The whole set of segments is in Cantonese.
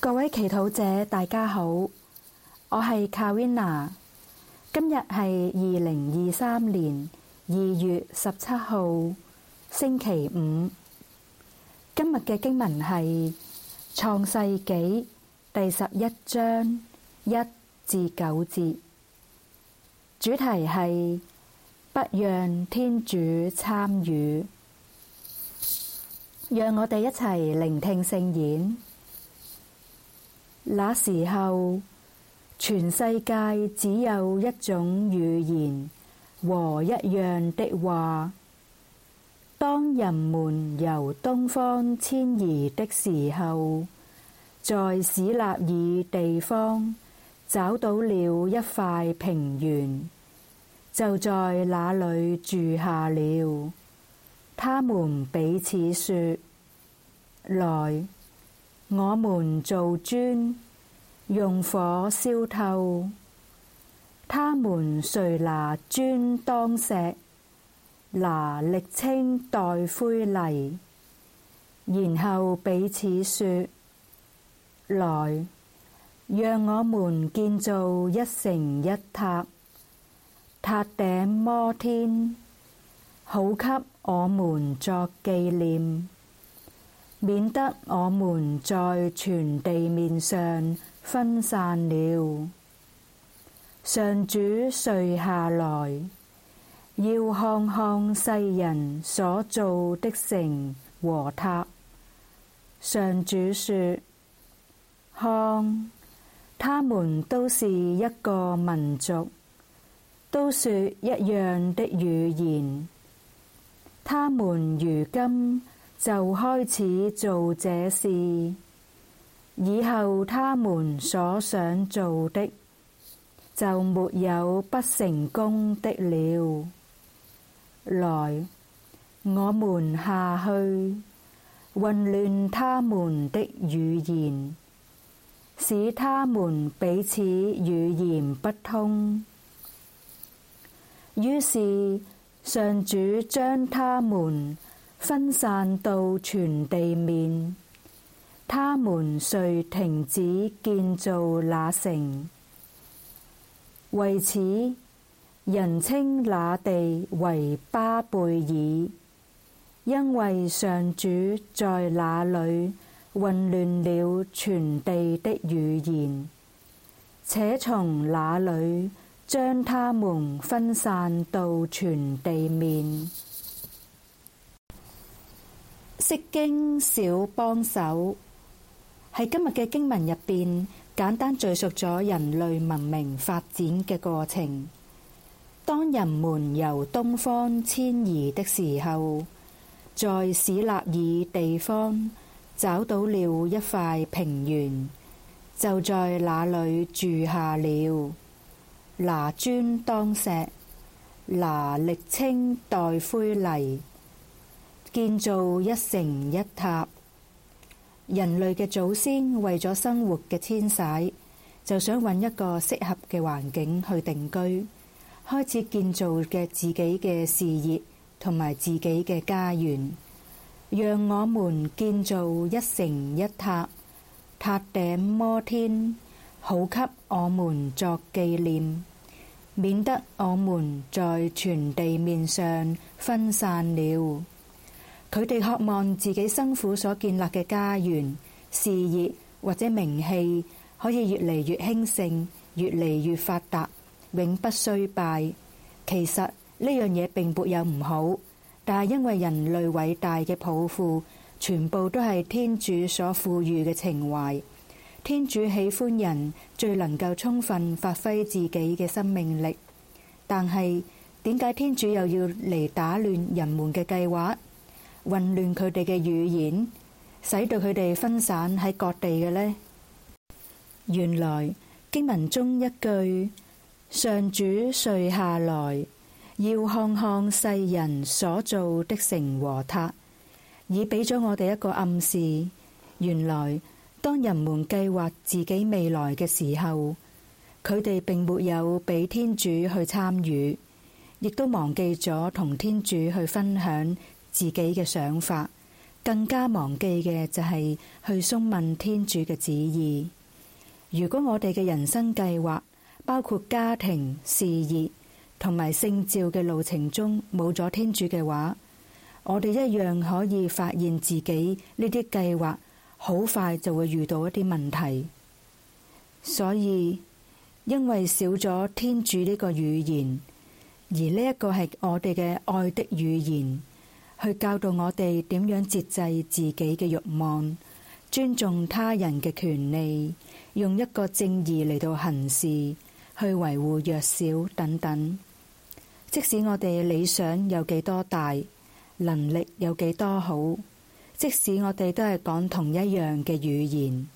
各位祈禱者，大家好，我係 Carina。今日係二零二三年二月十七號星期五。今日嘅經文係創世紀第十一章一至九節，主題係不讓天主參與。讓我哋一齊聆聽聖言。那時候，全世界只有一種語言和一樣的話。當人們由東方遷移的時候，在史納爾地方找到了一塊平原，就在那裏住下了。他們彼此說：來。我們做磚，用火燒透。他們遂拿磚當石，拿瀝青代灰泥，然後彼此說：來，讓我們建造一城一塔，塔頂摩天，好給我們作記念。免得我們在全地面上分散了。上主遂下來，要看看世人所造的城和塔。上主說：看，他們都是一個民族，都說一樣的語言。他們如今。就開始做這事，以後他們所想做的，就沒有不成功的了。來，我們下去，混亂他們的語言，使他們彼此語言不通。於是上主將他們。分散到全地面，他們遂停止建造那城。為此，人稱那地為巴貝耳，因為上主在那裏混亂了全地的語言，且從那裏將他們分散到全地面。釋經小幫手，喺今日嘅經文入邊，簡單敘述咗人類文明發展嘅過程。當人們由東方遷移的時候，在史納爾地方找到了一塊平原，就在那裏住下了。拿磚當石，拿瀝青代灰泥。建造一城一塔，人類嘅祖先為咗生活嘅遷徙，就想揾一個適合嘅環境去定居，開始建造嘅自己嘅事業同埋自己嘅家園。讓我們建造一城一塔，塔頂摩天，好給我們作紀念，免得我們在全地面上分散了。佢哋渴望自己辛苦所建立嘅家園、事業或者名氣，可以越嚟越興盛，越嚟越發達，永不衰敗。其實呢樣嘢並沒有唔好，但係因為人類偉大嘅抱負，全部都係天主所賦予嘅情懷。天主喜歡人最能夠充分發揮自己嘅生命力，但係點解天主又要嚟打亂人們嘅計劃？混亂佢哋嘅語言，使到佢哋分散喺各地嘅呢？原來經文中一句，上主遂下來，要看看世人所造的城和塔，已俾咗我哋一個暗示。原來，當人們計劃自己未來嘅時候，佢哋並沒有俾天主去參與，亦都忘記咗同天主去分享。自己嘅想法，更加忘記嘅就係去詢問天主嘅旨意。如果我哋嘅人生計劃包括家庭、事業同埋聖召嘅路程中冇咗天主嘅話，我哋一樣可以發現自己呢啲計劃好快就會遇到一啲問題。所以，因為少咗天主呢個語言，而呢一個係我哋嘅愛的語言。去教導我哋點樣節制自己嘅慾望，尊重他人嘅權利，用一個正義嚟到行事，去維護弱小等等。即使我哋嘅理想有幾多大，能力有幾多好，即使我哋都係講同一樣嘅語言，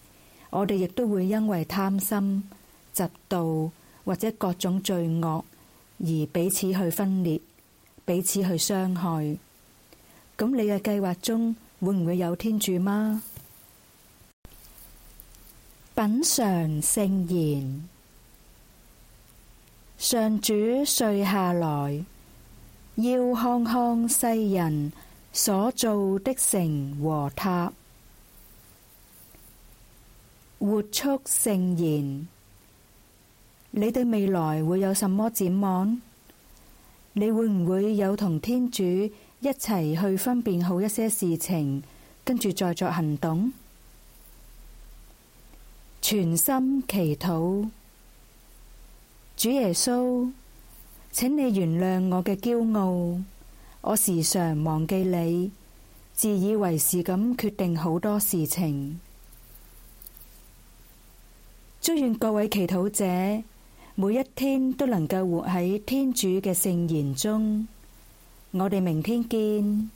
我哋亦都會因為貪心、嫉妒或者各種罪惡而彼此去分裂，彼此去傷害。咁你嘅計劃中會唔會有天主嗎？品嘗聖言，上主遂下來，要看看世人所造的城和塔。活出聖言，你對未來會有什麼展望？你會唔會有同天主？一齊去分辨好一些事情，跟住再作行動，全心祈禱。主耶穌，請你原諒我嘅驕傲，我時常忘記你，自以為是咁決定好多事情。祝願各位祈禱者每一天都能夠活喺天主嘅聖言中。我哋明天見。